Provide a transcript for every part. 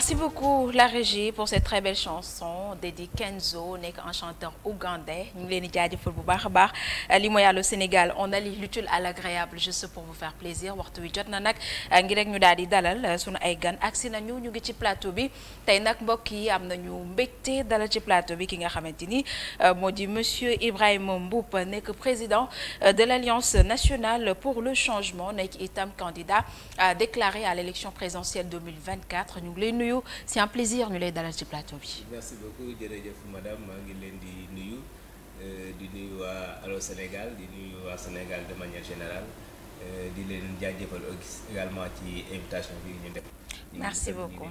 Merci beaucoup la régie pour cette très belle chanson dédiée Kenzo nekk un chanteur ougandais ñu ngi leen di jaajëfal bu baax a baax euh, li mooy yàlla Sénégal on allie l'utile à l'agréable juste pour vous faire plaisir waxtu wi jot na nag euh, ngi rek ñu daal di dalal euh, sunu ay gan agsi nañu ñu ngi ci plateau bi tey nag mbokk yi am nañu mbégte dalal ci plateau bi ki nga xamante ni moo di monsieur Ibrahima Mboup nekk président de l'Alliance nationale pour le changement nekk itam candidat déclaré à l'élection présidentielle 2024 ñu ngi lay nuyu c'est un plaisir ñu lay dalal ci plateau bi. merci beaucoup jërëjëf madame maa ngi leen di nuyu euh, di nuyu waa Allô Sénégal di nuyu waa Sénégal de manière générale euh, di leen gis également ci invitation bi ñu def. merci beaucoup.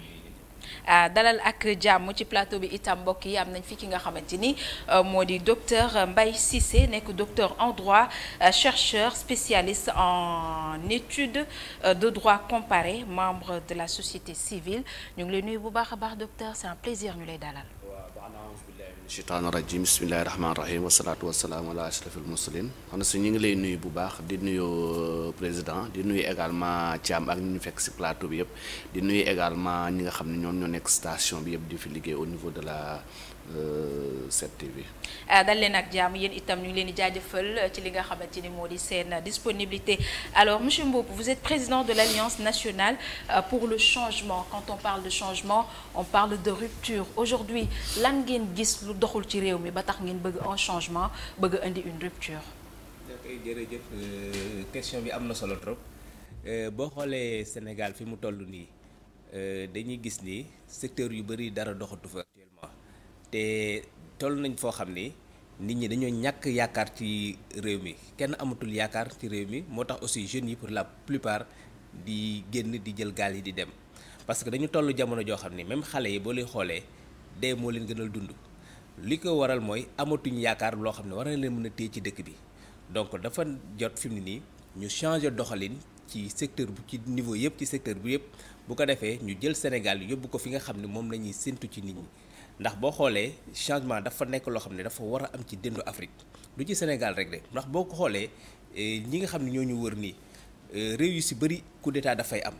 Euh, dalal ak jàmm ci plateau bi itam mbokk yi am nañ fi ki nga xamante ni euh, moo di docteur Mbaye Cissé nekk docteur en droit euh, chercheur spécialiste en études de droit comparé membre de la société civile ñu ngi lay nuyu bu baax a baax docteur c'est un plaisir ñu lay dalal. sheytaani rajim bismillahi rahmaani rahim wasalaatu wasalaamu ala ashrafil mursalin xam na su ñu ngi lay nuyu bu baax di nuyu euh, président di nuyu également Thiam ak ñu fekk si plateau bi yëpp di nuyu également ñi nga xam ne ñoom ñoo nekk station bi yëpp di fi liggéey au niveau de la 7TV. Euh, euh, dal leen ak jàmm yéen itam ñu leen di jaajëfal euh, ci li nga xamante ni moo di seen disponibilité alors monsieur Mboup vous êtes président de l'Alliance nationale pour le changement quand on parle de changement on parle de rupture aujourd'hui lan ngeen gis lu doxul ci réew mi ba tax ngeen bëgg un changement bëgg indi une rupture. ok question bi am na solo trop boo xoolee Sénégal fi mu toll nii dañuy gis ni secteur yu bari dara doxatu fa. te toll nañ foo xam ni nit ñi dañoo ñàkk yaakaar ci réew mi kenn amatul yaakaar ci réew mi moo tax aussi jeunes yi pour la plupart di génn di jël gaal yi di dem parce que dañu toll jamono joo xam ni même xale yi boo leen xoolee dee moo leen gënal dund li ko waral mooy amatuñ yaakaar loo xam ne war na leen mën a téye ci dëkk bi donc dafa jot fi mu nii ñu changer doxalin ci secteur bu ci niveau yëpp ci secteur bi yëpp bu ko defee ñu jël Sénégal yóbbu ko fi nga xam ne moom la ñuy séntu ci nit ñi ndax boo xoolee changement dafa nekk loo xam ne dafa war a am ci dëndu Afrique lu ci Sénégal rek de ndax boo ko xoolee eh, ñi nga xam ne ñoo ñu wër nii eh, réew yu si bëri coup d'état dafay am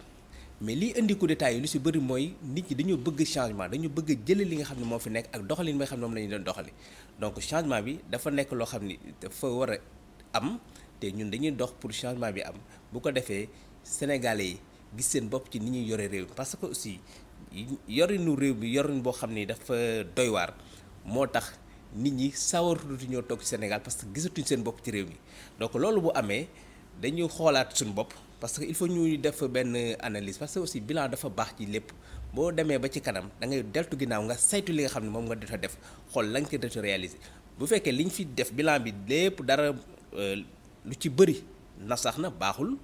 mais liy indi coup d'état yi lu si bëri mooy nit ñi dañoo bëgg changement dañu bëgg a jëlee li nga xam ne moo fi nekk ak doxalin bi xam ne moom lañu ñu doon doxali donc changement bi dafa nekk loo xam ni dafa war a am te ñun dañuy dox pour changement bi am bu ko defee sénégalais yi gis seen bopp ci ni ñuy yore réew parce que aussi yorinu réew bi yorin boo xam ni dafa doy waar moo tax nit ñi sawaratutu ñoo toog ci Sénégal parce que gisatu seen bopp ci réew mi donc loolu bu amee dañuy xoolaat suñu bopp parce que il faut ñuy def benn analise parce que aussi bilan dafa baax ci lépp boo demee ba ci kanam da ngay deltu ginnaaw nga saytu li nga xam ne moom nga defa def xool la nga ko réaliser bu fekkee li ñu fi def bilan bi lépp dara euh, lu ci bëri na sax na baaxul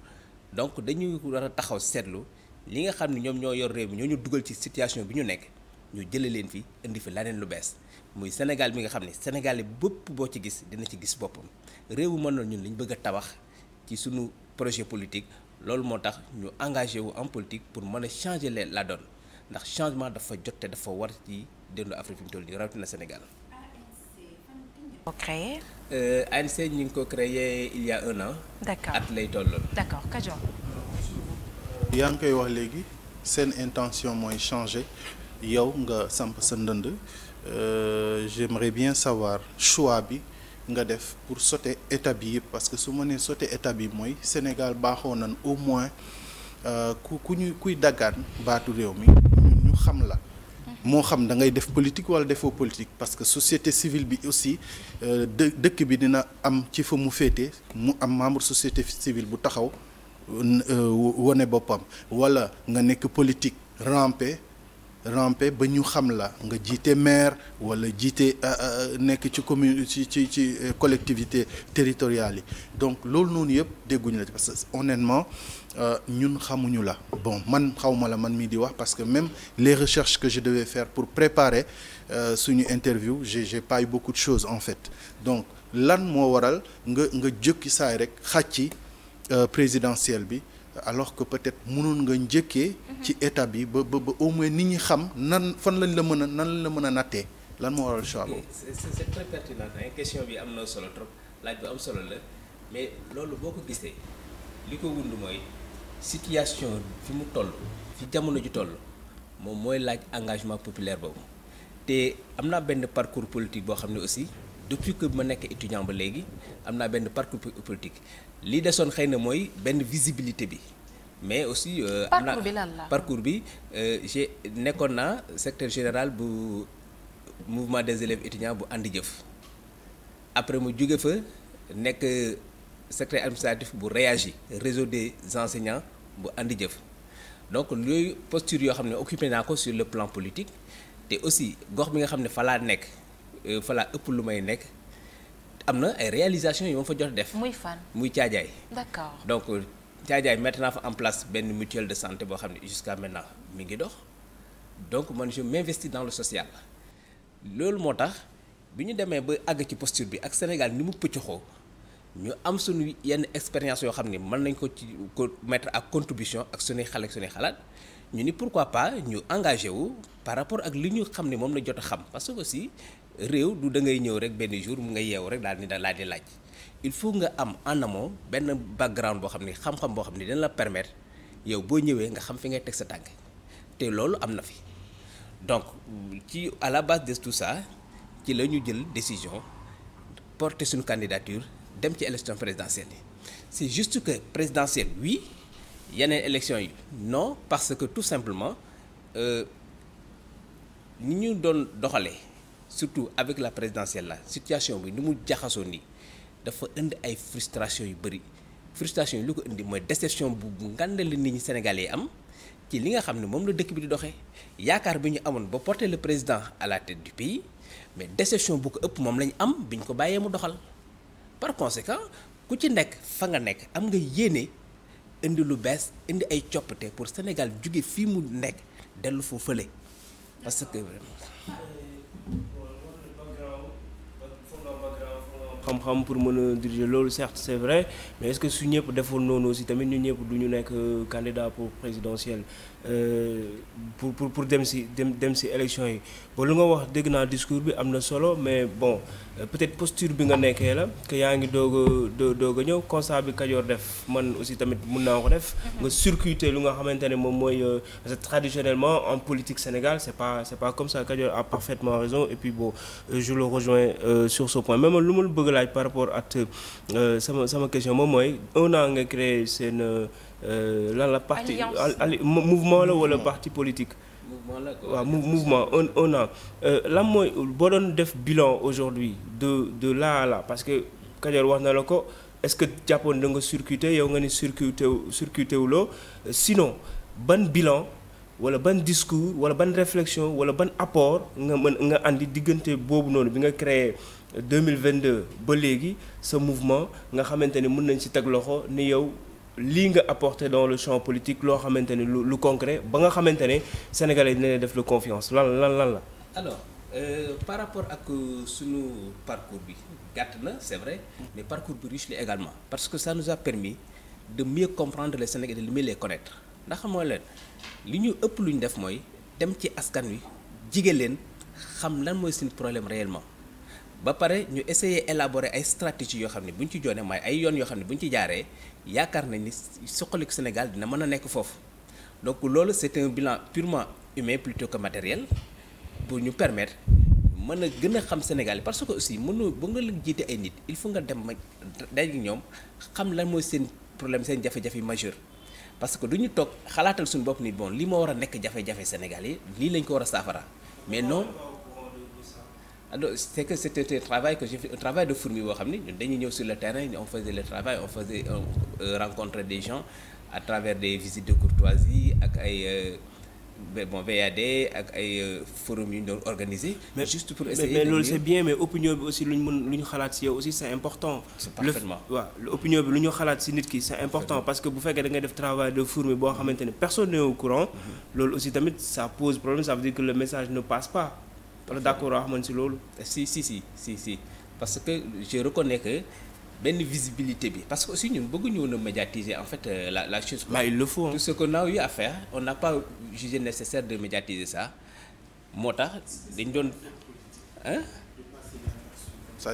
donc dañuy war a taxaw seetlu. li nga xam ne ñoom ñoo yor réew mi ñoo ñu dugal ci situation bi ñu nekk ñu jëlee leen fi indi fi laneen lu bees muy Sénégal bi nga xam ne Sénégal bëpp boo ci gis dina ci gis boppam réewu mën na ñun liñ bëgg a tabax ci suñu projet politique loolu moo tax ñu engagé wu en politique pour mën a changer leen la donne ndax changement dafa jot te dafa war ci dëndu Afrique fi mu toll nii rawatina Sénégal. Euh, ANC ñu ngi ko créé il a un at lay tolloon. yaa ngi koy wax léegi seen intention mooy changer yow nga samp sa ndënd euh, j'aimerais bien savoir choix bi nga def pour sote étape bi yëpp parce que su ma nee sauter étape bi mooy Sénégal baaxoo nan au moins euh, ku ku ñu kuy daggaan baatu réew mi ñu xam la moo xam da ngay def politique wala defoo politique parce que société civile bi aussi euh, dë dëkk bi dina am ci fa mu féete mu am membre société civile bu taxaw Euh, wane boppam wala nga nekk politique rampe rampe ba ñu xam la nga jiite maire wala jiite euh, euh, nekk ci commune ci ci ci collectivité territoriale yi donc loolu noonu yëpp dégguñu la parce que honnêtement ñun xamuñu la bon man xawma la man mii di wax parce que même les recherches que je devais faire pour préparer euh, suñu interview j'ai pay pas eu beaucoup de choses en fait donc lan moo waral nga nga jëkki saay rek xàcc Euh, présidentielle bi alors que peut-être mënoon nga njëkkee. Mhm. ci état bi ba ba ba moins nit ñi xam nan fan lañ la mën a nan lañ la mën a nattee lan moo waral choix boobu. bi am na solo trop laaj bu am solo la mais loolu boo ko gisee li ko wund mooy situation fi mu toll fi jamono ji toll moom mooy laaj engagement populaire boobu te am naa benn parcours politique boo xam ne aussi depuis que ma nekk étudiant ba léegi am naa benn parcours politique. li desoon xëy na mooy benn visibilité bi mais aussi. Euh, parcours bi la parcours bi euh, nekkoon naa secteur général bu mouvement des élèves étudiants bu ànd jëf après mu jóge fa nekk secrétaire administratif bu réagi réseau de enseignants bu indi jëf donc yooyu posture yoo xam ne occupé naa ko sur le plan politique te aussi gox bi nga xam ne falaa nekk euh, falaa ëpp lu may nekk. am na ay réalisations yu fa jot def. muy fan muy Caajaay. d'accord donc Caajaay mettre naa fa en place benn mutuelle de santé boo xam ne jusqu'à maintenant mi ngi dox donc man je m'investis dans le social loolu moo tax bi ñu demee ba àgg ci posture bi ak Sénégal ni mu xoo ñu am suñu yenn expérience yoo xam ne mën nañ ko ci ko mettre ak contribution ak suñuy xale ak suñuy xalaat ñu ni pourquoi pas ñu engagé wu par rapport ak li ñu xam ne moom la jot a xam parce que aussi réew du da ngay ñëw rek benn jour mu nga yeew rek daal ni da laa di laaj il faut nga am en amont benn background boo xam ne xam-xam boo xam ne dina la permettre yow boo ñëwee nga xam fi ngay teg sa tànk te loolu am na fi donc ci à la base de tout ça ci la ñu jël décision porter suñu candidature dem ci élection présidentielle yi c'est juste que présidentielle wii yeneen élection yi non parce que tout simplement euh, ni ñu doon doxalee surtout avec la présidentielle la situation bi ni mu jaxasoo ni dafa indi ay frustration yu bëri frustration yi lu ko indi mooy déception bu ngandal nit ñi Sénégalais yi am ci li nga xam ne moom la dëkk bi di doxee yaakaar bi ñu amoon ba porter le président à la du pays mais déception bu ko ëpp moom la am bi ñu ko bàyyee mu doxal par conséquent ku ci nekk fa nga nekk am nga yéene indi lu bees indi ay coppite pour Sénégal jóge fii mu nekk dellu foofu fële parce que. xam-xam pour mën a diriger loolu certes c'est vrai mais est-ce que su ñëpp defoon noonu aussi tamit ñu ñëpp duñu nekk candidat pour présidentiel Euh, pour pour pour dem si dem dem si élection yi ba lu nga wax dégg naa discours bi am na solo mais bon euh, peut-être posture bi nga nekkee la que yaa ngi doog a doog a ñëw constat bi Kajoor def man aussi tamit mun naa ko def. Mhm. nga circuité lu nga xamante ne moom mooy parce euh, que traditionnellement en politique Sénégal c'est pas c'est pas comme ça Kajoor a parfaitement raison et puis bon je le rejoins sur ce point même lu ma bëgg laaj par rapport ak sama sama question moom mooy un an nga créé seen. Euh, lan la parti mouvement la wala parti politique waaw mouvement un un an lan mooy boo doon def bilan aujourd'hui de de là à là parce que Kajoor wax na la ko est-ce que jàppoon da nga circuité yow nga ni circuité circuité wuloo euh, sinon ban bilan wala ban discours wala ban réflexion wala ban apport nga mën nga àndi diggante boobu noonu bi nga créé 2022 ba léegi sa mouvement nga xamante ni mën nañ ci teg loxo ni yow lii nga apporté dans le champ politique loo xamante ne lu lu concret ba nga xamante ne sénégalais dina def la confiance lan lan lan la. alors euh, par rapport ak euh, suñu parcours bi gàtt na c'est vrai mais parcours bi riche la également parce que ça nous a permis de mieux comprendre les sénégalais de mieux les connaître ndax mooy leen li ñu ëpp lu ñu def mooy dem ci askan wi jige leen xam lan mooy seen problème réellement. ba pare ñu essayer élaborer ay stratégie yoo xam ne buñ ci joonee mooy ay yoon yoo xam ne bu ñu ci jaaree yaakaar nañ ni suqaliku Sénégal dina mën a nekk foofu donc loolu c'est un bilan purement humain plutôt que matériel pour ñu permettre mën a gën a xam Sénégal parce que aussi mënu ba nga leen jiite ay nit il faut nga dem ma daje ñoom xam lan mooy seen problème seen jafe-jafe majeur parce que du ñu toog xalaatal suñu bopp ni bon li moo war a nekk jafe-jafe Sénégal yi lii lañ ko war a saafara Ah, c'est que c'était un de fourmi boo xam ni ñun ñëw sur le terrain on faisait le travail on faisait on euh, des gens à travers des visites de courtoisie ak ay euh, bon VAD ak ay euh, forum yu ñu doon organisé. juste pour essayer mais mais opinion bi aussi lu ñu mën lu ñu xalaat si yow aussi c'est important. c'est parfaitement waaw opinion bi lu ñu xalaat si nit ki c'est important parce que bu fekkee da nga def travail de fourmi boo xamante ne personne n'est au courant. Mm-hmm. loolu aussi wala d' accord wax si loolu si si si si si parce que je reconnais que benn visibilité bi parce que aussi ñu bëgguñu woon a médiatiser en fait euh, la la chose. mais il le faut tout ce qu'on a eu à faire on n'a pas jugé nécessaire de médiatiser ça moo tax dañ doon ah.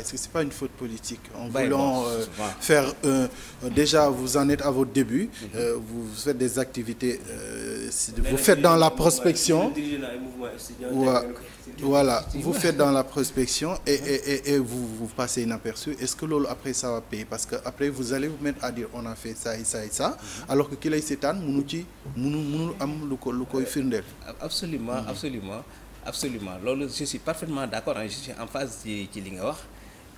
ça que c'est pas une faute politique en ben voulant euh, faire euh, déjà vous en êtes à votre début, mm vous faites des activités, euh, vous faites dans la prospection. Voilà, vous faites dans la prospection et, et, et, et vous, vous passez inaperçu. Est-ce que loolu après ça va payer parce que vous allez vous mettre à dire on a fait ça et ça et ça alors que ki lay seetaan munu ci munu munu am lu ko lu koy firndeel. absolument absolument absolument loolu je suis parfaitement d'accord je suis en phase ci ci li nga wax.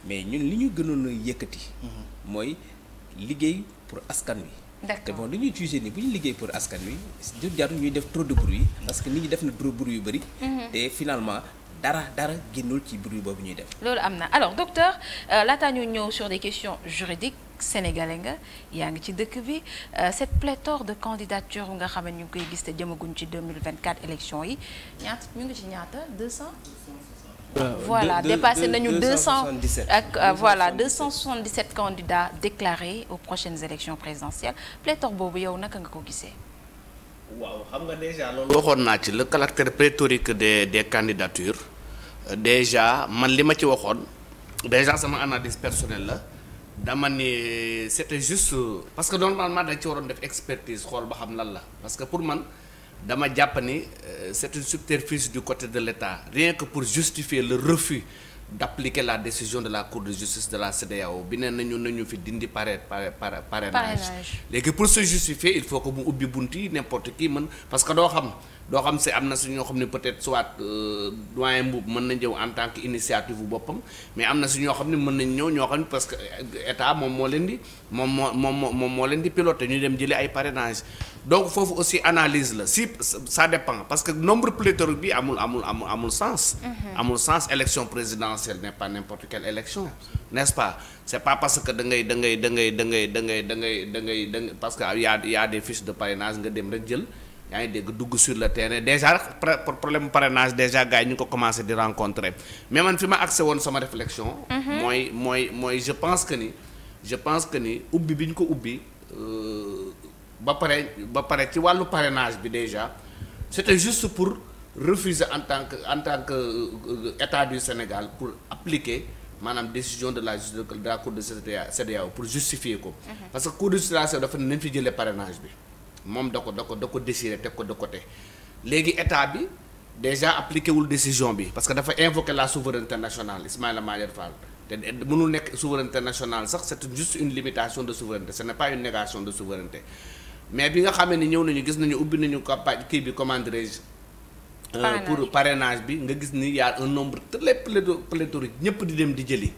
mais ñun li ñu gënoon a yëkkati. Mhm. mooy liggéey pour askan wi. te bon dañuy jugé ni bu ñu liggéey pour askan wi du jarul ñuy def trop de bruit mhm. parce que nit ñi def na trop bruit yu bëri. Mhm. te finalement dara dara génnul ci bruit boobu ñuy def. loolu am na alors docteur euh, lataa ñu ñëw sur des questions juridiques sénégalais nga yaa ngi ci dëkk bi euh, cette pléthore de candidature nga xam ne ñu ngi koy gis te jëmaguñ ci 2024 élection yi ñaata ñu ngi ci ñaata 200. voilà dépassé nañu deux cent ak euh, voilà deux cent soixante-dix-sept candidats déclarés aux prochaines élections présidentielles pléthore boobu yow naka nga ko gisee. waaw xam nga déjà loolu. waxoon naa ci le caractère pléthorique des des candidatures euh, déjà man li ma ci waxoon déjà sama analyse personnelle la dama ni c'était juste parce que normalement dañ ci waroon def expertise xool ba xam lan la parce que pour man. dama jàpp ni euh, c'est une subterfuge du côté de l'État rien que pour justifier le refus d'appliquer la décision de la Cour de justice de la CEDEAO bi ne nañu nañu fi dindi pare pare parrainage léegi pour se justifier il faut que mu ubbi bunt yi n'importe qui mën parce que doo xam doo xam si am na si ñoo xam ne peut-être soit euh, doyen Mboup mën na ñëw en tant que initiative bu boppam mais am na si ñoo xam ne mën nañ ñëw ñoo xam ne parce que euh, état moom moo leen di moom moo moom moom moo leen di piloté ñu dem jëlee ay parrainage donc foofu aussi analyse la si ça dépend parce que nombre pléthorique bi amul amul amul amul sens mhm. amul sens élection présidentielle n'est pas n'importe quelle élection n'est-ce pas c'est pas parce que da ngay da ngay da ngay da ngay da ngay da ngay da ngay parce que y a y a des fiches de parrainage nga dem rek jël yaa ngi dégg dugg sur le terrain déjà problème parrainage déjà gars yi ñu ko commencé di rencontrer mais man fi ma accès woon sama réflexion. Mhm. mooy mooy mooy je pense que ni je pense que ni ubbi bi ñu ko ubbi euh, ba pare ba pare ci wàllu parrainage bi déjà c'était juste pour refuser en tant que en tant que euh, euh, état du Sénégal pour appliquer. maanaam décision de la de la cour pour justifier ko. Mhm. parce que cour de justice dafa ne nañ fi jëlee parrainage bi. moom da ko da ko da ko décider teg ko de côté léegi état bi déjà appliqué wul décision bi parce que dafa invoqué la souveraineté nationale Ismaïla Madior Fall te mënul nekk souveraineté nationale sax c'est juste une limitation de souveraineté ce n'est pas une négation de souveraineté mais bi nga xamee ni ñëw nañu gis nañu ubbi nañu campagne kii bi comment dirais euh, pour parenage bi nga gis ni y a un nombre très pléthorique ñëpp di dem di jëli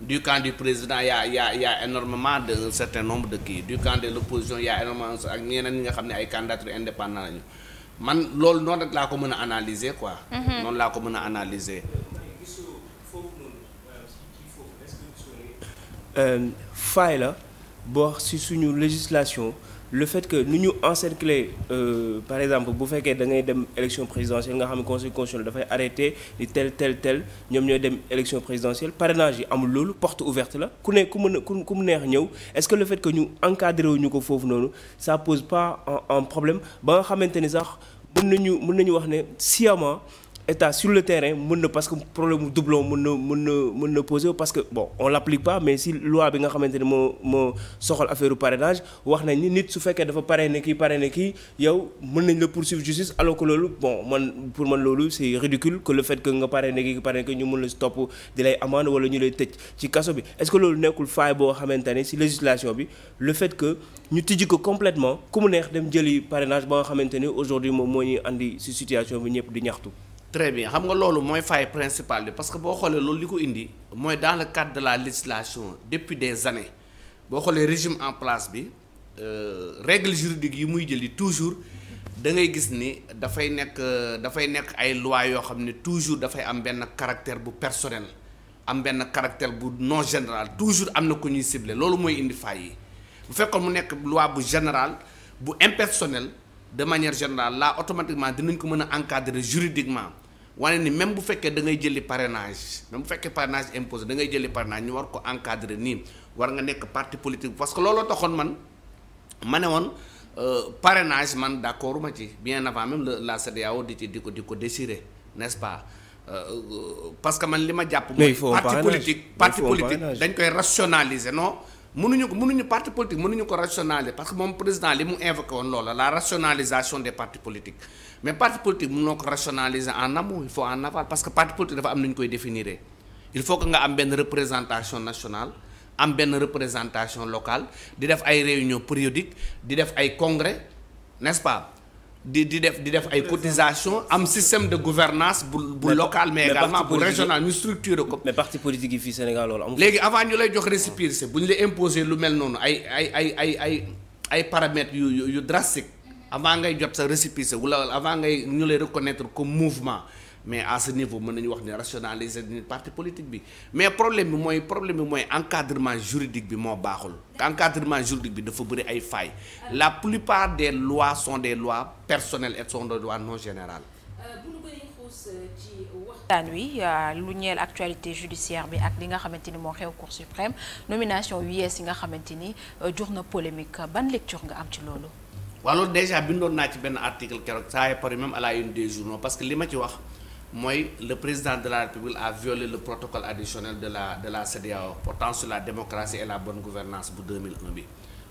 du camp du président y a y y a énormément de un certain nombre de kii du camp de l'opposition y énormément ak ñeneen ñi nga xam ne ay candidatures indépendants lañu man loolu noonu rek laa ko mën a analyser quoi. Mm-hmm. noonu laa ko mën a analyser. Euh, faay la boo si suñu législation. le fait que nu ñu encercler euh, par exemple bu fekkee da ngay dem élection présidentielle nga xam ne conseil constitutionnel dafay arrêté di tel tel tel ñoom ñooy dem élection présidentielle parrainage yi amul loolu porte ouverte la ku ne ku mën a ku mu neex ñëw est-ce que le fait que ñu encadré wu ñu ko foofu noonu ça pose pas un problème ba nga xamante ni sax mën nañu mën nañu wax ne sciemment état sur le terrain mën na parce que problème mu doublon mën na mën mën na posé parce que bon on l'applique pas si loi bi nga xamante ne moo moo soxal affaire parrainage wax nañ ni nit su fekkee dafa parrainé kii parrainé kii yow mën nañ la poursuivre justice alors bon man pour man loolu c'est ridicule que le fait que nga parrainé kii parrainé kii ñu mën la topp di lay amende wala ñu lay tëj ci kaso bi est-ce que nekkul faay boo xamante ne si législation bi le fait que ñu tijji ko complètement ku neex dem jëli parrainage ba nga xamante ne aujourd'hui moom moo ñuy indi si situation bi ñëpp di ñaxtu très bien xam nga loolu mooy faille principale bi parce que boo xoolee loolu li ko indi mooy dans le cadre de la législation depuis des années boo xoolee régime en place bi euh, règle juridique yi muy jëli toujours da ngay gis ni dafay nekk dafay nekk ay loi yoo xam ne toujours dafay am benn caractère bu personnel am benn caractère bu non général toujours am na ko ñuy sible loolu mooy indi faille yi bu fekkoon mu nekk loi bu général bu impersonnel de manière générale là automatiquement dinañ ko mën a encadrer juridiquement wane ni même bu fekkee da ngay jëli parrainage même bu fekkee parrainage imposé da ngay jëli parrainage ñu war ko encadrer nii war nga nekk parti politique parce que looloo taxoon man ma ne woon euh, parenage man d'accord ma ci bien avant même la la CEDEAO di ci di ko di ko déchirer n'est-ce pas euh, euh, parce que man li ma jàpp. mooy parti politique parti politique dañ koy rationaliser no munuñu ko mënuñu parti politique mënuñu ko rationaliser parce que moom président li mu invoqué woon loola la rationalisation des partis politiques mais parti politique mënoo ko rationaliser en amont il faut en aval parce que parti politique dafa am nu ñu koy définir il faut que nga am benn représentation national am benn représentation locale di def ay réunion périodique di def ay congrès nest pas di di def di def ay cotisation am système de gouvernance bu bu local mais également bu régional ñu structuré ko. mais parti politique yi fii Sénégal loolu amul. léegi avant ñu lay jox récépissé bu ñu la imposer lu mel noonu ay ay ay ay ay ay paramètres yu yu yu drastique avant ngay jot sa récépissé wala avant ngay ñu lay reconnaître comme mouvement. mais à ce niveau mën nañu wax ni rationaliser ni parti politique bi mais problème bi mooy problème bi mooy encadrement juridique bi moo baaxul encadrement juridique bi dafa bëri ay failles la plupart des lois sont des lois personnelles et sont des lois non générales wi euh, lu ñeel actualité judiciaire bi ak li nga xamante ni moo xew Cour suprême nomination yu yees yi nga xamante ni euh, jur na polémique ban lecture nga am ci loolu. waaw loolu déjà bindoon naa ci benn article que li ma ci wax. mooy le président de la République a violé le protocole additionnel de la de la CEDEAO portant sur la démocratie et la bonne gouvernance bu bi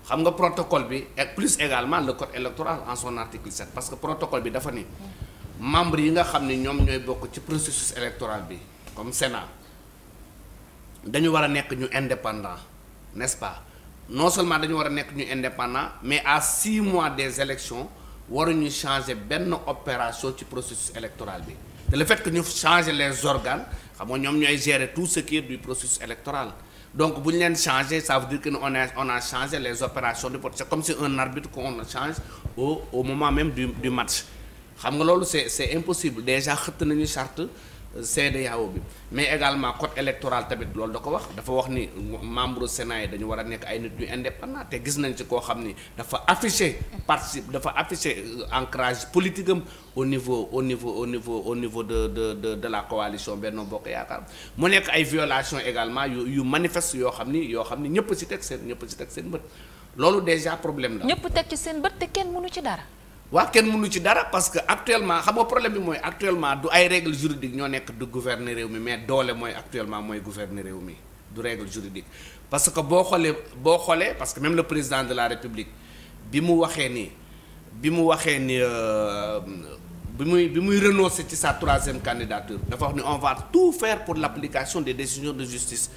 xam nga protocole bi ak plus également le code électoral en son article 7 parce que protocole bi dafa ni membres yi nga xam ne ñoom ñooy bokk ci processus électoral bi comme Sénat dañu war a nekk ñu indépendant n'est-ce pas non seulement dañu war a nekk ñu indépendant mais à six mois des élections waruñu changer benn opération ci processus électoral bi te le fait que ñu changer les organes xam nga ñoom ñooy gérer tout ce qui est du processus électoral donc bu ñu leen changer ça veut dire que on a on a changé les opérations du vote c'est comme si un arbitre qu'on change au au moment même du du match xam nga loolu c'est c'est impossible déjà xëtt nañu charte CEDEAO bi mais également code électoral tamit loolu da ko wax dafa wax ni membre Sénat yi dañu war a nekk ay nit ñu indépendant te gis nañ ci koo xam ni dafa affiché participe dafa affiché euh, ancrage politique am au niveau au niveau au niveau au niveau de de de de la coalition Benno Bokk Yaakaar mu nekk ay violation également yu yu manifeste yoo xam ni yoo xam ni ñëpp si teg seen ñëpp ci teg seen bët loolu déjà problème la. ñëpp teg ci seen te kenn ci dara. waa kenn mënu ci dara parce que actuellement xam nga problème bi mooy actuellement du ay règles juridiques ñoo nekk du gouverner mi mais doole mooy actuellement mooy gouverner réew mi du règle juridique parce que boo xoolee boo xoolee parce que même la président de la république bi mu waxee ni bi mu waxee ni euh, bi muy bi muy renoncer ci sa troisième candidature dafa wax ni on va tout faire pour l'application de décisions de justice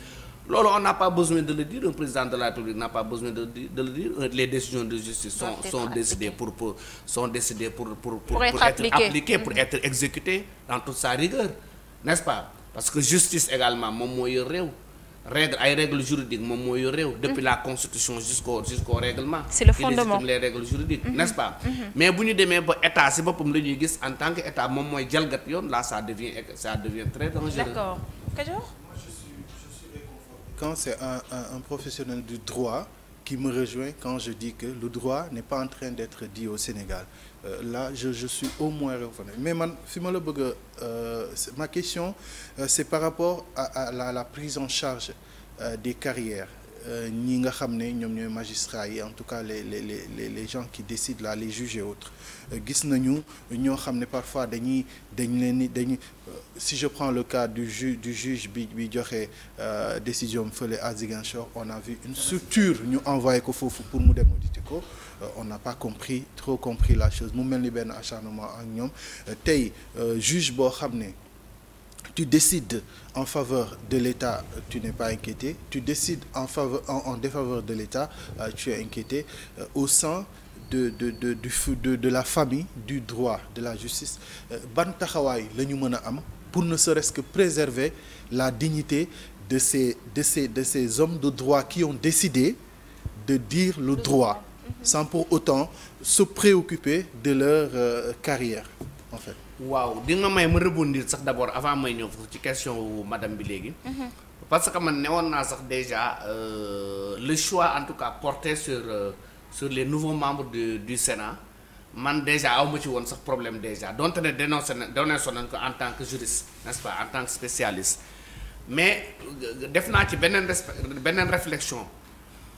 loolu on n'a pas besoin de le dire un président de la République n'a pas besoin de de le dire les décisions de justice sont sont décidées pour pour pour pour pour, pour pour être appliquées pour mm-hmm. être exécutées dans toute sa rigueur n'est-ce pas parce que justice également moom moo yor réew règle ay règles juridiques moom moo yor réew depuis mm-hmm. la constitution jusqu'au jusqu'au règlement c'est le fondement qui légitime les règles juridiques mm-hmm. n'est-ce pas mais bu ñu demee ba état si la ñuy gis en tant que état moom mooy jalgat yoon là ça devient ça devient quand c'est un, un, un professionnel du droit qui me rejoint quand je dis que le droit n'est pas en train d'être dit au Sénégal euh, là je je suis au moins revenu mais man fi ma la bëgg a euh, ma question euh, c'est par rapport à, à la la prise en charge euh, des carrières Euh, ñi nga xam ne ñoom ñooy magistrats yi en tout cas les les les les gens qui décident là les juges et autres euh, gis nañu ñoo xam ne parfois dañuy dañ leen ni dañuy euh, si je prends le cas du du juge bi bi joxe décision am fële à Ziguinchor on a vu une structure ñu envoyé ko foofu pour mu dem auditer ko on n'a pas compris trop compris la chose mu mel ni benn acharnement ak ñoom tey juge boo xam ne. tu décides en faveur de l'État, tu n'es pas inquiété. Tu décides en, faveur, en, en défaveur de l'État, euh, tu es inquiété. Euh, au sein de de, de, de, de, la famille, du droit, de la justice, euh, ban taxawaay la ñu mën a am pour ne serait-ce que préserver la dignité de ces, de ces, de ces hommes de droit qui ont décidé de dire le droit mhm. sans pour autant se préoccuper de leur euh, carrière, en fait. waaw di nga may ma rebondir sax d'abord avant may ñëw foofu ci question wu madame bi léegi. Mhm. parce que man newoon naa sax déjà euh, le choix en tout cas porté sur euh, sur les nouveaux membres du du Sénat man déjà awma ci woon sax problème déjà donte ne dénoncé na dénoncé nañ ko en tant que juriste n'est-ce pas en tant que spécialiste. mais euh, def naa ci beneen beneen réflexion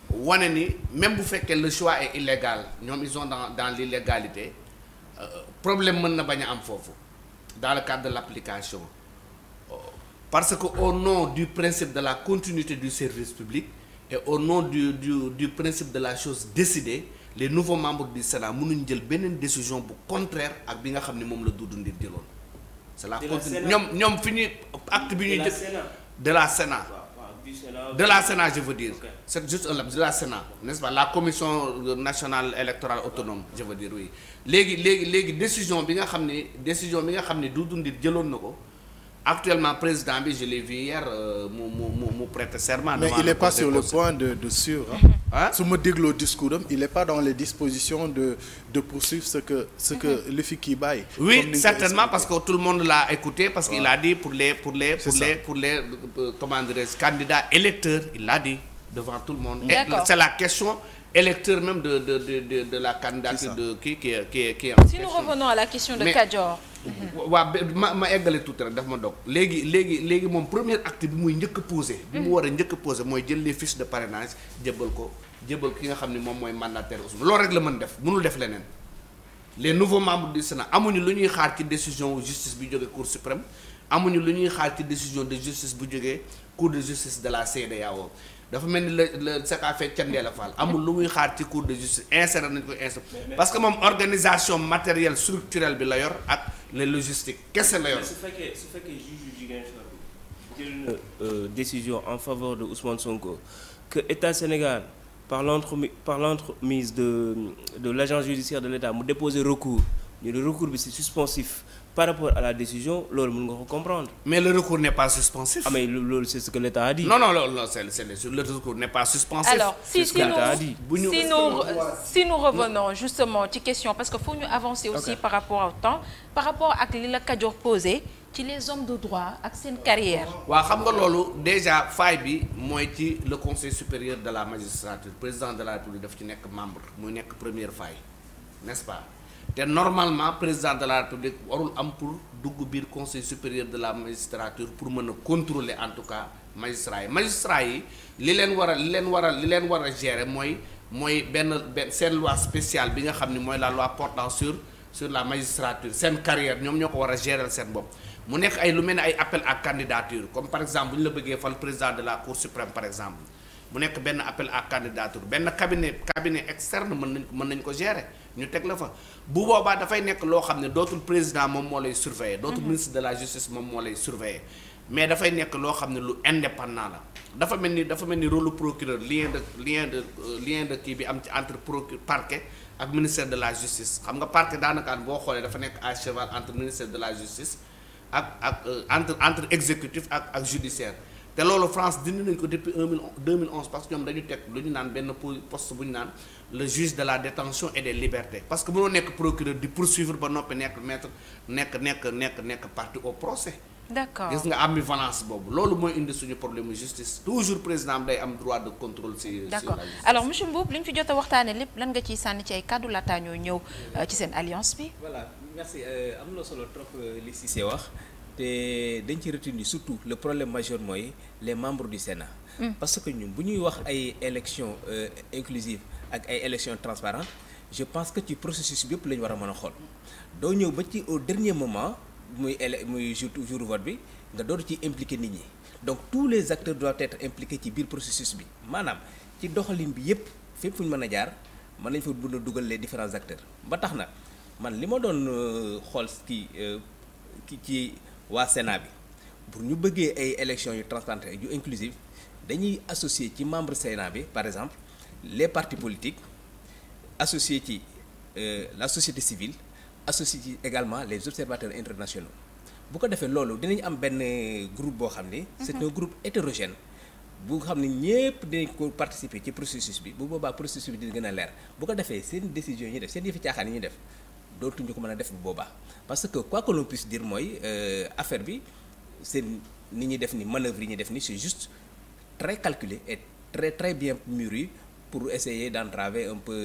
wane ni même bu fekkee le choix est illégal ñoom ils sont dans dans l'illégalité problème mën na bañ am foofu dans le cadre de l' application parce que au nom du principe de la continuité du service public et au nom du du du principe de la chose décidée les nouveaux membres du Sénat mënuñ jël beneen décision bu contraire ak bi nga xam ne moom la Doudou Ndir jëloon. c'est la continue ñoom ñoom fi ñuy acte bi ñuy jël de la Sénat. de la Sénat je veux dire. Okay. c'est juste un de la Sénat n'est-ce pas la commission nationale électorale autonome je veux léegi léegi léegi décision bi nga xam ne décision bi nga xam ne du dundi jëloon na ko. actuellement président bi je l'ai vu hier euh, mu mu mu mu prêter serment. mais le point de suivre ah. su ma dégloo discours am il est pas dans les dispositions de de poursuivre ce que ce que mm-hmm. li fi kii bàyyi. oui certainement parce que tout le monde l'a écouté parce que il a dit pour les pour les pour les pour les euh, comment dirais-je candidats électeurs il l'a dit devant tout le monde. c'est la question. électeur même de de de de de la candidature qui est en question. waa ma ma eggale tuuti rek daf ma dog léegi léegi léegi moom premier acte bi muy njëkk a bi mu mm-hmm. war a njëkk a posé mooy jël les fiches de parrainage jëbal ko jëbal ki nga xam ne moom mooy mandataire Ousmane loo rek la mën def mënul def leneen les nouveaux membres du Sénat amuñu lu ñuy xaar ci décision justice bi jógee cour suprême amuñu lu ñuy xaar ci décision de justice bu jógee cour de justice de la CEDEAO dafa mel ni la la saqaafee candee la faal amul lu muy xaar ci cour de justice inséré nañ ko parce que moom organisation matérielle structurelle bi la yor ak la logistique kese la yor. su fekkee su fekkee juge Ziguinchor bi jël na euh, décision en faveur de Ousmane Sonko que état Sénégal par l'entremise par l'entremise de de l'agence judiciaire de l'état mu déposer recours ñu ne recours bi c'est suspensif. par rapport à la décision loolu mën nga ko comprendre. mais le recours n'est pas suspensif. Ah, loolu c'est ce que l'État a dit. non non loolu non c'est le recours n'est pas suspensif. alors si nous revenons justement ci question parce que faut ñu avancer aussi par rapport au temps par rapport ak li la Kajoor posé ci les hommes de droit ak seen carrière. waaw xam nga loolu déjà faille bi mooy ci le conseil supérieur de la magistrature président de la République daf ci nekk membre muy première faille nest te normalement président de la république warul am pour dugg biir conseil supérieur de la magistrature pour mën a contrôler en tout cas magistrats yi magistrats leen war a leen war li leen war a mooy mooy benn benn seen loi spéciale bi nga xam ni mooy la loi portant sur sur la magistrature seen carrière ñoom ñoo ko war a gérer bopp mu nekk ay lu mel ne ay appel à comme par exemple bu la bëggee fal président de la par exemple mu nekk benn appel à candidature benn cabinet cabinet externe mën nañ mën nañ ko gérer ñu teg la fa bu boobaa dafay nekk loo xam ne dootul président moom moo lay surveiller dootul mhm. ministre de la justice moom moo lay surveiller mais dafay nekk loo xam ne lu indépendant la dafa mel ni dafa mel ni rôle procureur lien de lien de euh, lien de kii bi am ci entre procure parquet ak ministère de la justice xam nga parquet daanaka boo xoolee dafa nekk à cheval entre ministère de la justice ak ak euh, entre entre exécutif ak ak judiciaire te loolu France dindi nañ ko depuis 2011 parce que ñoom dañu teg lu ñu naan benn poste bu ñu naan le juge de la détention et des libertés parce que mënoo nekk procureur di poursuivre ba noppi nekk maître nekk nekk nekk nekk partie au procès d'accord gis nga ambivalence boobu loolu mooy indi suñu problème justice toujours président day am droit de contrôle si d'accord alors a waxtaane lépp lan nga ciy sànni ci ay kàddu laataa ñoo ñëw euh, ci seen alliance bi voilà merci euh, solo trop euh, li Cissé wax te dañ ci retenir surtout le problème majeur mooy les membres du Sénat hmm. parce que ñun bu ñuy wax ay élections inclusives ak ay élections transparentes je pense que ci processus bi yëpp la war a mën a xool doo ñëw ba ci au dernier moment muy ele muy jour jour vote bi nga door ci impliqué nit ñi donc tous les acteurs doivent être impliqués ci biir processus bi maanaam ci doxalin bi yëpp fépp fu ñu mën a jaar mën nañ fa mën a dugal les différents acteurs ba tax na man li ma doon euh, xool kii ki euh, ci waa Sénat bi pour ñu bëggee ay élections yu transparentes yu inclusive dañuy associer ci membre Sénat bi par exemple les partie politique associés ci euh, la société civile associés ci également les observateurs internationaux bu ko defee loolu dinañ am benn groupe boo xam ni. c'est mhm. un groupe hétérogène. bu xam ne ñëpp dinañ ko participer ci processus bi bu boobaa processus bi dina gën a leer bu ko defee seen décision yi ñu def seen yëfi caaxaan yi ñu def dootuñu ko mën a def bu boobaa parce que quoi que l'on puisse dire mooy euh, affaire bi seen ni ñuy def ni manœuvre yi ñuy def ni c'est juste calculé et très très bien mûri pour essayer d'entraver un peu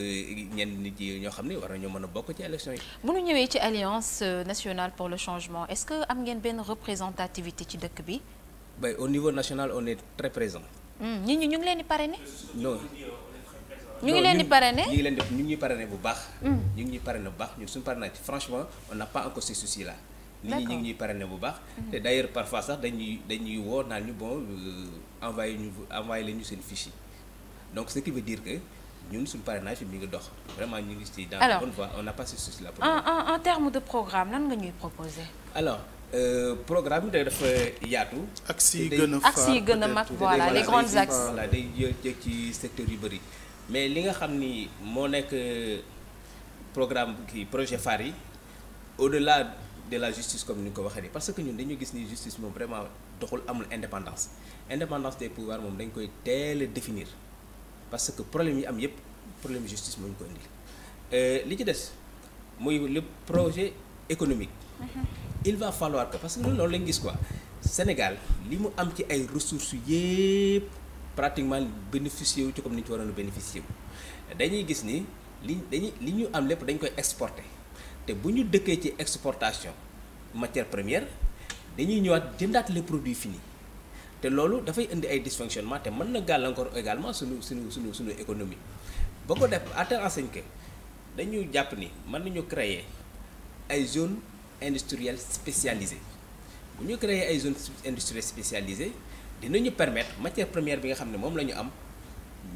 ñenn nit yi ñoo xam ne war nañoo mën a bokk ci élection yi. bu ñu ñëwee ci alliance euh, nationale pour le changement est-ce que am ngeen benn représentativité ci dëkk bi. bay au niveau national on est très présent. Hmm, nit ñi ñu ngi leen di parrainer. non. ñu ngi leen di parrainé ñu ngi leen di ñu ngi ñuy parrainé bu baax. Hmm. ñu ngi ñuy parrainé bu baax ñun suñu parrainage franchement on n'a pas encore ce souci là. nit ñi ñu ngi ñuy parrainé bu baax. Hmm. te d'ailleurs parfois sax dañuy dañuy woo naan ñu bon envoyé ñu envoyé leen ñu seen fiche donc ce qui veut dire que ñun suñ parrainage mi ngi dox vraiment ñu ngi ci dans la bonne voie on n'a pas ce souci là. en en en termes de programme lan nga ñuy proposer. alors euh, programme dafa yaatu. ak yi gën a axes yi gën a mag voilà les grands axes. voilà secteur yu bëri mais li nga xam ni moo nekk euh, programme kii projet phare yi au-delà de la justice comme ni ko waxee nii parce que ñun dañu gis ni justice moom vraiment doxul amul indépendance indépendance des pouvoirs moom dañ koy teel a définir. parce que problème yi am yëpp problème justice moo ñu ko indi euh, li ci des muy lépp projet économique mm-hmm. il va falloir parce que loolu lañ gis ko Sénégal li mu am ci ay ressources yëpp pratiquement bénéficier wu ci comme ni ñu ci waroon bénéficier wu dañuy gis ni li dañuy li ñu am lépp dañ koy exporter te bu ñu dëkkee ci exportation matière première dañuy ñëwaat jëndaat produit produits finis te loolu dafay indi ay dysfonctionnement te mën na gàllankoor également suñu suñu sunu suñu économie boo ko def à telle enseigne dañu jàpp ni mën nañu créer ay zone industrielle spécialisée bu ñu créer ay zone industrielle spécialisée dinañu permettre matière première bi nga xam ne moom la ñu am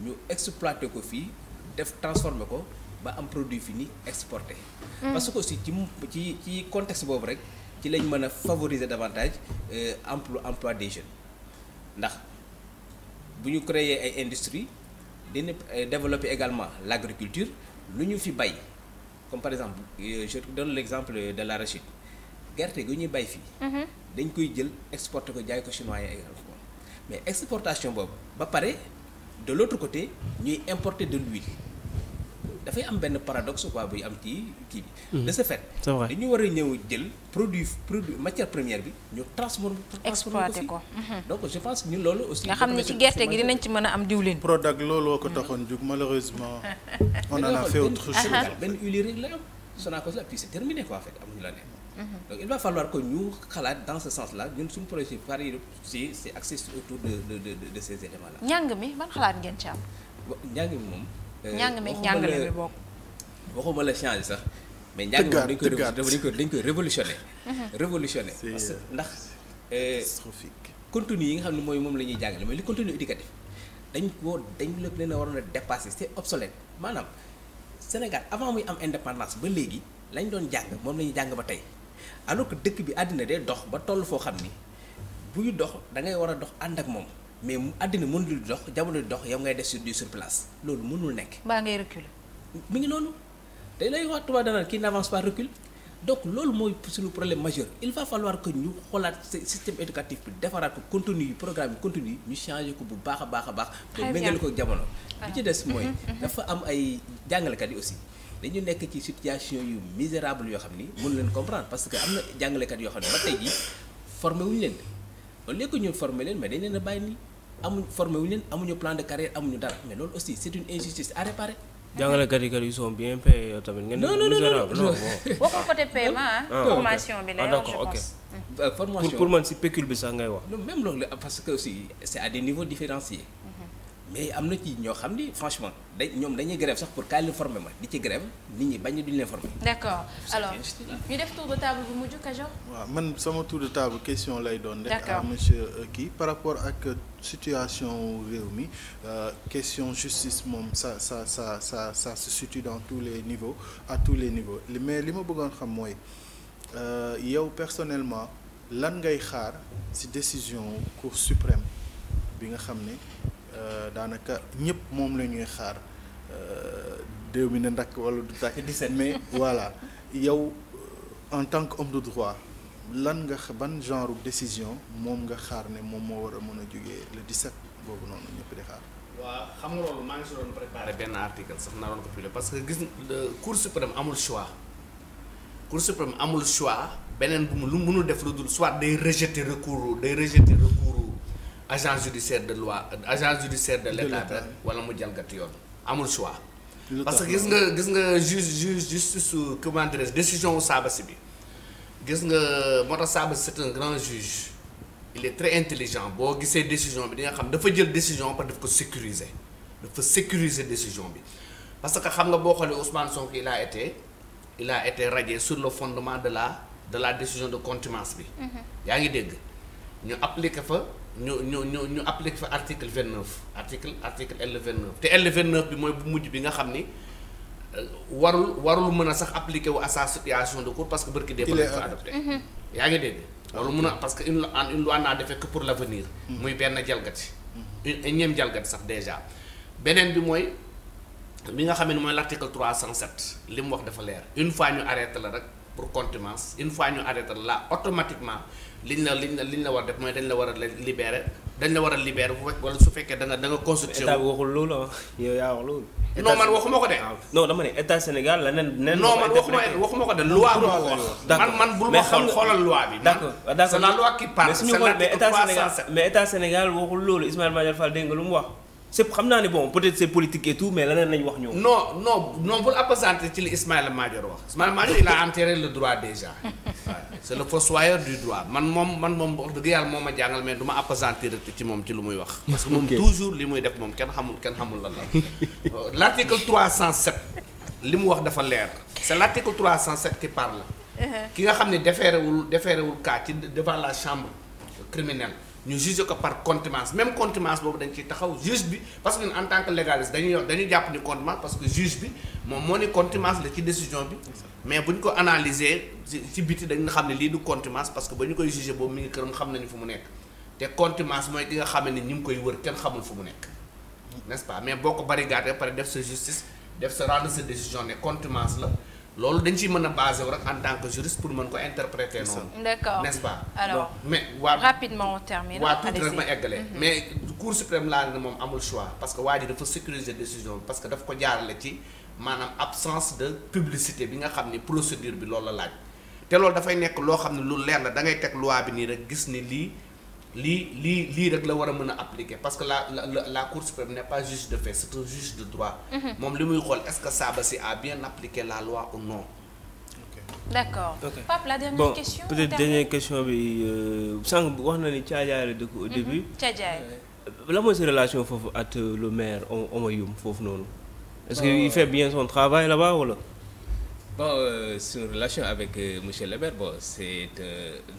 ñu exploiter ko fii def transformer ko ba am produit fini exporté mm. parce que aussi ci ci ci contexte boobu rek ci lañ mën a favoriser davantage euh, emploi emploi des jeunes ndax bu ñu créer ay industrie dina euh, développer également l'agriculture lu ñu fi bay comme par exemple euh, je donne l'exemple de l'arachide gerte gi ñuy bay fii mhm. dañ koy jël exporte ko jaay ko chinois yi mais exportation boobu ba pare de l'autre côté ñuy importer de l'huile dafay am benn paradoxe quoi buy am ci kii bi. Hmm. de ce dañu war a ñëw jël produit produit matière première bi ñu transformer. exploité ko hmm. donc je pense ñun loolu aussi. nga xam ne ci gerte gi dinañ ci mën a am diwlin. Prodac looloo ko hmm. taxoon jug malheureusement. on en a fait autre la am Sonacos la puis la ne. donc il ñu xalaat dans ce sens là ñun suñu projet pari si c'est axé autour de de de de ces njàng mi ban xalaat ngeen ci am. njàng mi moom. ñàng meeg ñàngale bi bokk waxuma la changé sax mais njàng moom dañ koy dañ koy dañ koy révolutionné révolutionné parce que euh, ndax euh, contenu yi nga xam ne mooy moom la ñuy jàngale mais li contenu éducatif dañ koo dañ lépp leen a waroon a dépassé c'est obsolète maanaam Sénégal avant muy am indépendance ba léegi lañ doon jàng moom la jàng ba tey alors que dëkk bi àddina de dox ba toll foo xam ni buy dox dangay war a dox ànd ak moom mais àddina mënul dox jamono di dox yow ngay def sur du sur place loolu mënul nekk. mbaa ngay reculer. mi ngi noonu day lay wax tubaab danaan kii n'avance pas recule donc loolu mooy suñu problème majeur il va falloir que ñu xoolaat système éducatif bi defaraat ko contenu yi programme yi contenu ñu changé ko bu baax a baax a baax. pour méngale ko jamono. bi ci des mooy. Mm-hmm, mm-hmm. dafa am ay jàngalekat yi aussi. dañu nekk ci situation yu misérable yoo xam ni mënu leen comprendre parce que am na jàngalekat yoo xam ne ba tey jii formé leen au lieu que ñu formé leen mais dañ leen a bàyyi nii. amuñ formé wu leen amuñu plan de carrière amuñu dara mais loolu aussi c' est une injustice à réparer. jàngalekat yi kat ils sont bien payés yow tamit. ngeen non non non non non waxul côté paiement ah, formation bi la yor ah, je euh, pour pour man si pécule bi sax ngay wax. non même loolu parce que aussi c' est à des niveaux différenciés. mais am na ci ñoo xam ni franchement dañ ñoom dañuy grève sax pour kaay leen formé ma di ci grève nit ñi bañ duñ leen formé. d'accord ñu def tour de table bu mujj Kajo. waaw man sama tour de table question lay doon. d'accord monsieur euh, kii par rapport ak euh, situation réew mi euh, question justice moom sa sa sa sa sa se situe dans tous les niveaux à tous les niveaux mais li ma bëggoon xam mooy yow personnellement lan ngay xaar ci décision Cour suprême nga xam ne. Euh, daanaka ñëpp moom la ñuy xaar déew bi na ndakk wala du tàkk mais voilà yow euh, en tant que homme de droit lan nga ban genre décision moom nga xaar ne moom moo war a mën a jógee le 17 boobu noonu ñëpp di xaar waaw xam nga loolu maa ngi si doon préparé benn article sax naroon ko publié parce que gis cour suprême amul choix cour suprême amul choix beneen bu mu lu mënul def lu dul soit day rejeter recours day rejeter recours agent judiciaire de loi agent judiciaire de l'état bi wala mu jalgati yoon amul choix parce que gis nga gis nga juge juge justice su comment dirais décision Sabassy bi gis nga moo tax Sabassy c'est un grand juge il est très intelligent boo gisee décision bi di nga xam dafa jël décision parce que ko sécuriser dafa sécuriser décision bi parce que xam nga boo xoolee Ousmane Sonko il a été il a été radié sur le fondement de la de la décision de contumace bi mm-hmm. yaa ngi dégg ñu fa ñu ñu ñu ñu appliqué fa article vingt neuf article article L vingt neuf te L neuf bi mooy bu mujj bi nga xam ni euh, warul warul mën a sax appliqué wu à sa situation de cour parce que bërki dee lañ ko adopté mhm. yaa ngi dégg warul mun a parce que une une loi naa defee que pour l' avenir mhm. muy benn jalgati mhm. ñeem jalgati sax déjà beneen bi mooy bi nga xam ne mooy l' article cent sept li mu wax dafa leer une fois ñu arrêté la rek pour contumace une fois ñu arrêté la automatiquement liñ la liñ la liñ na war def mooy dañ la war a libéré dañ la war a libéré bu fekk wala su fekkee da nga da nga constitution. état bi waxul loolu ah. yow yaa wax loolu. non man waxuma ko de. Ah. non dama ne état Sénégal la nen nen. non man waxuma waxuma ko de loi bu man man bul ma xool xoolal loi bi. d' accord ah, d' accord c'est la loi loolu Ismaïla Madior lu mu wax. xam naa ne bon peut-être c'est politique et tout mais leneen wax ñoom. non non non bul appesanté ci li Ismaïla Madior wax. Ismaïla Madior il a enterré le droit déjà c'est le fossoyeur du droit man moom man moom wax dëgg yàlla moo ma jàngal mais du ma appesantir ci moom ci lu muy wax. parce que moom toujours li muy def moom kenn xamul kenn xamul lan la. Euh, l' li mu wax dafa leer c' est l' article 307 qui parle. Uh-huh. ki nga xam ne déférewul déférewul cas ci devant la chambre criminelle ñu juge ko par contumace même contumace boobu dañ ciy taxaw juge bi parce que en tant que légaliste dañuy dañuy jàpp ni contumace parce que juge bi moom moo ni contumace la ci décision bi. mais bu ñu ko analyser ci biti dañ xam ne lii du contumace parce que ba ñu koy jugé boobu mi ngi këram xam nañu fu mu nekk te contumace mooy ki nga xam ne ñi ngi koy wër kenn xamul fu mu nekk n'est-ce pas mais boo ko barricadé pare def sa justice def sa rendre sa décision ne contumace la loolu dañ ciy mën a basé wu rek en tant que juriste pour mën ko interpréter noonu. d'accord n'est-ce pas. alors mais waa rapidement on termine. waa tuuti rek ma eggale. Mm-hmm. mais cour suprême laa ne moom amul choix parce que waa ji dafa sécuriser décision parce que daf ko jaarale ci. maanaam absence de publicité bi nga xam ni procédure bi loolu la laaj te loolu dafay nekk loo xam ne lu leer la da teg loi bi nii rek gis ni lii lii lii lii rek la war a mën a appliquer parce que la la la cour suprême n'est pas juge de fait c'est un juge de droit. Mm-hmm. moom li muy xool est-ce que Sabassi a bien appliqué la loi ou non. d'accord okay. question. bi être dernière question bi euh, wax na ni caajaare dëkk au mm-hmm. début. caajaare. la mooy sa relation foofu at le maire Ouma Youm foofu noonu. est-ce que fait bien son travail là-bas wala. bon euh, relation avec euh, monsieur Lebert bon c'est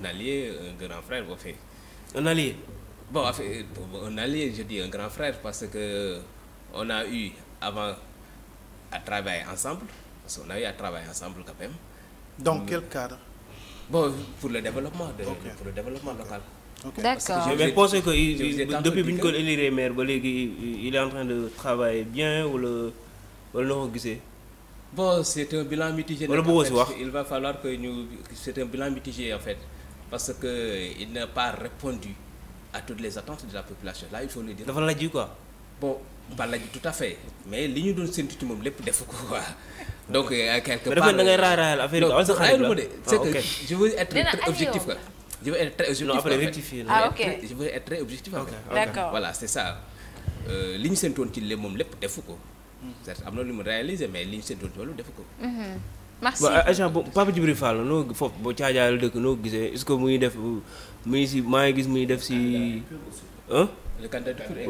un allié un grand euh, je dis un grand frère parce que on a eu avant à travailler ensemble parce qu'on a eu à travailler ensemble quand même. dans quel cadre. bon pour le développement. de local. D'accord. Je, mais que depuis bi ñu ko élire maire il est en train bien wala noo ko gisee. boo c' est un bilan mitigé. wala bëggoo si wax il va falloir que ñu c' est un bilan mitigé en fait parce que il n'a pas répondu à toutes les attentes de la population là il faut le dire. dafa lajj quoi. bon a lajj à fait mais li ñu doon séntu ci moom lépp def ko quoi. donc euh, quelque part mais da ngay euh, raay raayal affaire yi sa xarit la c'est que je veux être très objectif quoi. je veux être très objectif ok je c'est ça euh, li ñu séntu ci lépp moom lépp defu ko. certes am na lu mu réalisé mais liñ séntu loolu def ko. Mhm. merci waaw agent boobu Papa Djibril Fall noo foofu boo caajaayal dëkk noo gisee est-ce que muy def muy si maa ngi gis muy def si. ah.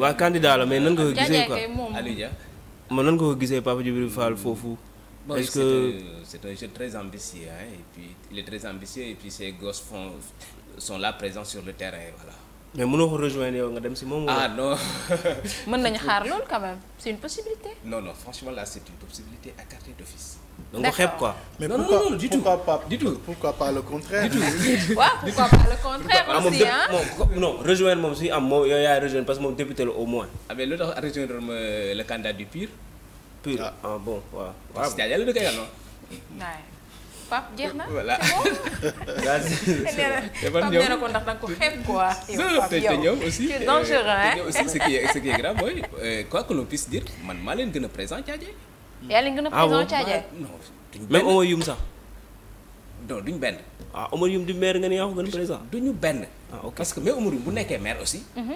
waa candidat la mais nan ko gisee quoi ma nan nga ko gisee Papa Djibril Fall foofu. Bon, est-ce c'est un jeu très ambitieux hein, et puis il est très ambitieux et puis ses gosses font sont là présents sur le terrain voilà. mais mënoo ko rejoindre yow nga dem si moom. ah non mën nañu xaar loolu quand même c'est une possibilité. non non franchement là c'est une possibilité écartée d'office. donc nga xeeb quoi. mais non, pourquoi, non, non, du tout. pas du tout pourquoi contraire. du tout ah. moom rejoindre moom suñu am moom yaay rejoindre parce que moom député la au moins. ah mais lu tax rejoindre ma le candidat du PUR. PUR ah, ah bon waaw. waaw si jaajëf la da koy waa jeex na. voilà c'est bon nee na ko ndax danga ko xeeb quoi. te ñëw euh, euh, que l'on puisse man maa leen gën a présent Thiadiaye. yaa leen gën a ah présent Thiadiaye. Ah, même Omar Youm sax. non duñ benn. ah Omar Youm du maire nga ne yaa ko gën a présent. duñu benn. ah parce que mais Omar Youm bu nekkee maire aussi. Mhm.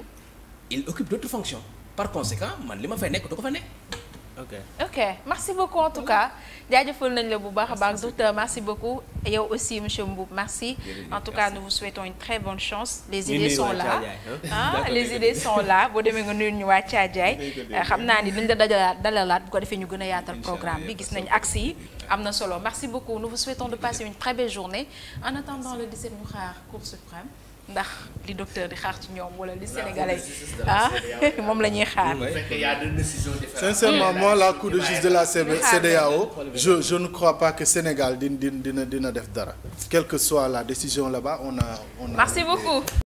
il occupe d'autres fonctions. par conséquent man li ma fay nekk du ko fa nekk. ok ok merci beaucoup en tout cas jaajëfal nañ la bu baax a baax docteur merci beaucoup yow aussi monsieur Mboup merci en tout cas nous vous souhaitons une très bonne chance les idées sont là les idées sont là boo demee nga nuyu ñu waa Thiadiaye eh, xam naa ni dañ la dajalaat dalalaat bu ko defee ñu gën a yaatal programme bi gis nañ axe am na solo merci beaucoup nous vous souhaitons de passer une très belle journée en attendant le 17 ñu xaar Cour ndax li docteur di xaar ci ñoom wala li sénégalais ah moom la ñuy xaar. sincèrement moi la cour de justice de la CEDEAO je je ne crois pas que Sénégal dina dina dina def dara. quelle que soit la décision là-bas on a on a. merci beaucoup.